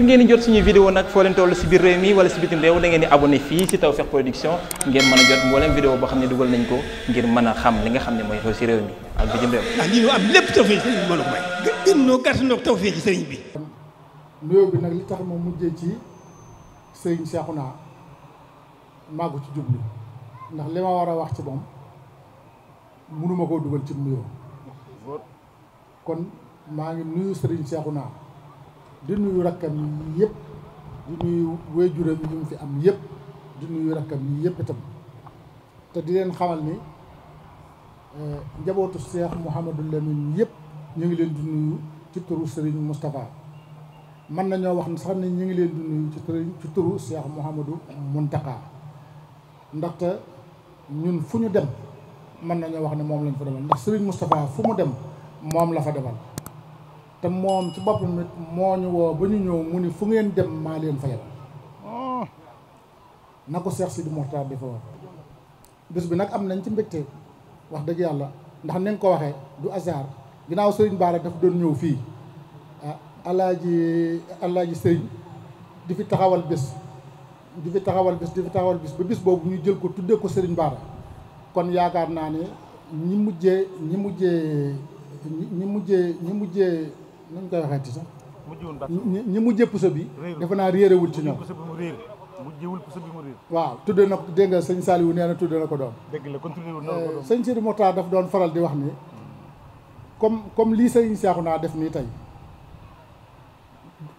ngir ngeen di jot suñuy vidéo nag foo leen toll si biir réew mi wala si bitim réew da ngeen di abonné fii si Tawfekh Production ngeen mën a jot mboolem ko ngir mën a xam li nga xam ne mooy xew si réew mi ak bitim réew. ndax ah, lii ñu am lépp Tawfekh sëriñ bi mën a may. gën noo gàtt noo Tawfekh sëriñ bi. nuyoo bi nag li tax ma mujjee ci sëriñ Cheikhouna maa ko ci jublu ndax li ma war a wax ci moom mënuma koo dugal ci nuyoo kon maa ngi nuyu sëriñ Cheikhouna. di nuyu rakkam yi yëpp di nuyu wéjuram yi mu fi am yëpp di nuyu rakkam yi yëpp itam te di leen xamal ni e, njabootu Cheikh Mouhamadou Lamine yëpp ñu ngi leen di nuyu ci turu Serigne Moustapha mën nañoo wax ne sax ni ñu ngi leen di nuyu ci turu ci turu Cheikh Mouhamadou Mountakha ndaxte ñun fu ñu dem mën nañoo wax ne moom lañ fa demal ndax Serigne Moustapha fu mu dem moom la fa demal. moom ci bopp it moo ñu woo ba ñu ñëw mu ni fu ngeen dem maa leen fayal oh. na ko Seex Sidi Muxtaar di fa wax bi nag am nañ ci mbégte wax dëgg yàlla ndax ni ko waxee du hasard ginnaaw sëriñ Bara dafa doon ñëw fii ah alaaji alaaji Serigne di fi taxawal bés di fi taxawal bés di fi taxawal bés ba bis boobu ñu jël ko tuddee ko Serigne Bara kon yaakaar naa ni ñi mujjee ñi mujjee ñi mujjee ñi mujjee nañ koy waxeeti sax ñi mujjee puso bi defe naa réerewul ci ñoom mujjewul puso bi mu réer waaw tudde na dégg nga sëñ Saliou nee na tudde na ko doom dëgg la kon tudde na ko doom eh, sëñ Sidi daf doon faral di wax ni comme comme lii sëñ Seexu naa def nii tey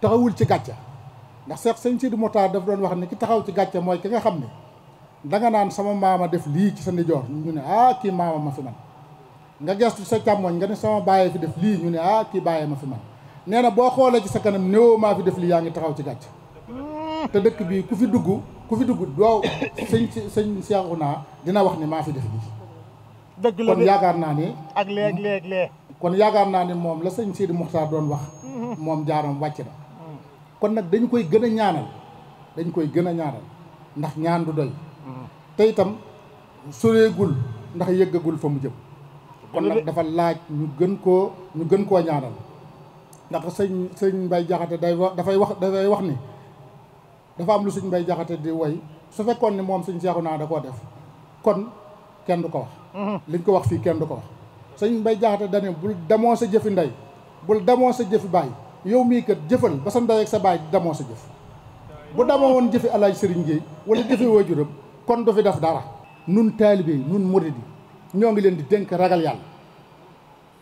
taxawul ci gàcca ndax seex sëñ Sidi Mokhtar daf doon wax ni ki taxaw ci gàcca mooy ki nga xam ne danga naan sama maama def lii ci sa ndijoor ñu ne ah kii maama ma fi man nga gestu sa càmmoñ nga ne sama bàyyee fi def lii ñu ne ah kii bàyyee ma fi man nee na boo xoolee ci sa kanam néew maa fi def lii yaa ngi taxaw ci gàcc te dëkk bi ku fi dugg ku fi dugg doo sëñ sëñ seexu naa dina wax ni maa fi def lii kon yaakaar naa ni ak léeg léeg léeg kon yaakaar naa ni moom la sëñ Sidi saa doon wax mm-hmm. moom jaaram wàcc na mm-hmm. kon nag dañu koy gën a ñaanal dañ koy gën a ñaanal ndax ñaan du doy mm-hmm. te itam soreegul ndax yëggagul fa mu jëm kon nag dafa laaj ñu gën koo ñu gën koo ñaanal ndax sëñ sëñ Mbay Jaxate day wax dafay wax dafay wax ni dafa am lu sëñ Mbay Jaxate di woy su fekkoon ni moom sëñ seexu naa da koo def kon kenn du ko wax mhm. liñ ko wax fii kenn du ko wax sëñ Mbay Jaxate dane bul damoo sa jëfi ndey bul demoo sa jëfi baay yow mii kat jëfal ba sa ndey ak sa baay demoo sa jëf bu demoo woon jëfi alaaj sëriñ Géey wala jëfi waajuram kon du fi def dara nun taalibe nun murid yi ñoo ngi leen di dénk ragal yàlla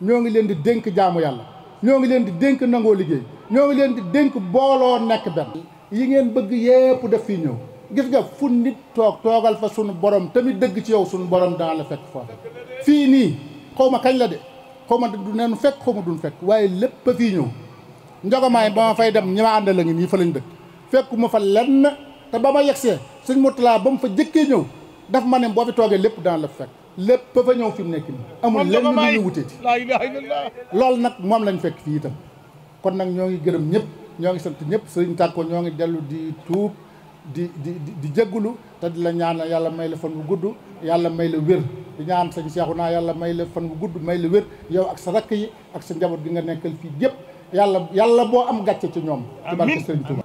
ñoo ngi leen di dénk jaamu yàlla ñoo ngi leen di dénk nangoo liggéey ñoo ngi leen di dénk booloo nekk benn yi ngeen bëgg yépp def fii ñëw gis nga fun nit toog toogal fa sunu borom tamit dëgg ci yow sunu borom dana la fekk fa fii nii xaw ma kañ la de xaw ma du neenu fekk xaw ma duñ fekk waaye lépp a fii ñëw njogomaay ba ma fay dem ñi ma la ngi nii fa lañ dëkk fekk mu fa lenn te ba ma yegsee suñ motulaa ba mu fa jëkkee ñëw daf ma ne boo fi toogee lépp dana la fekk lépp fa ñëw fi mu nekk nii. amul lenn lu ñu wuteeti loolu nag moom lañu fekk fii itam kon nag ñoo ngi gërëm ñëpp ñoo ngi sant ñëpp sëriñ tàkko ñoo ngi dellu di tuub di di di jéggulu te di la ñaan yàlla may la fan bu gudd yàlla may la wér di ñaan sañ seexu naa yàlla may la fan bu gudd may la wér yow ak sa rakk yi ak sa njaboot bi nga nekkal fii yëpp yàlla yàlla boo am gàcce ci ñoom ci barke sëriñ Tuuba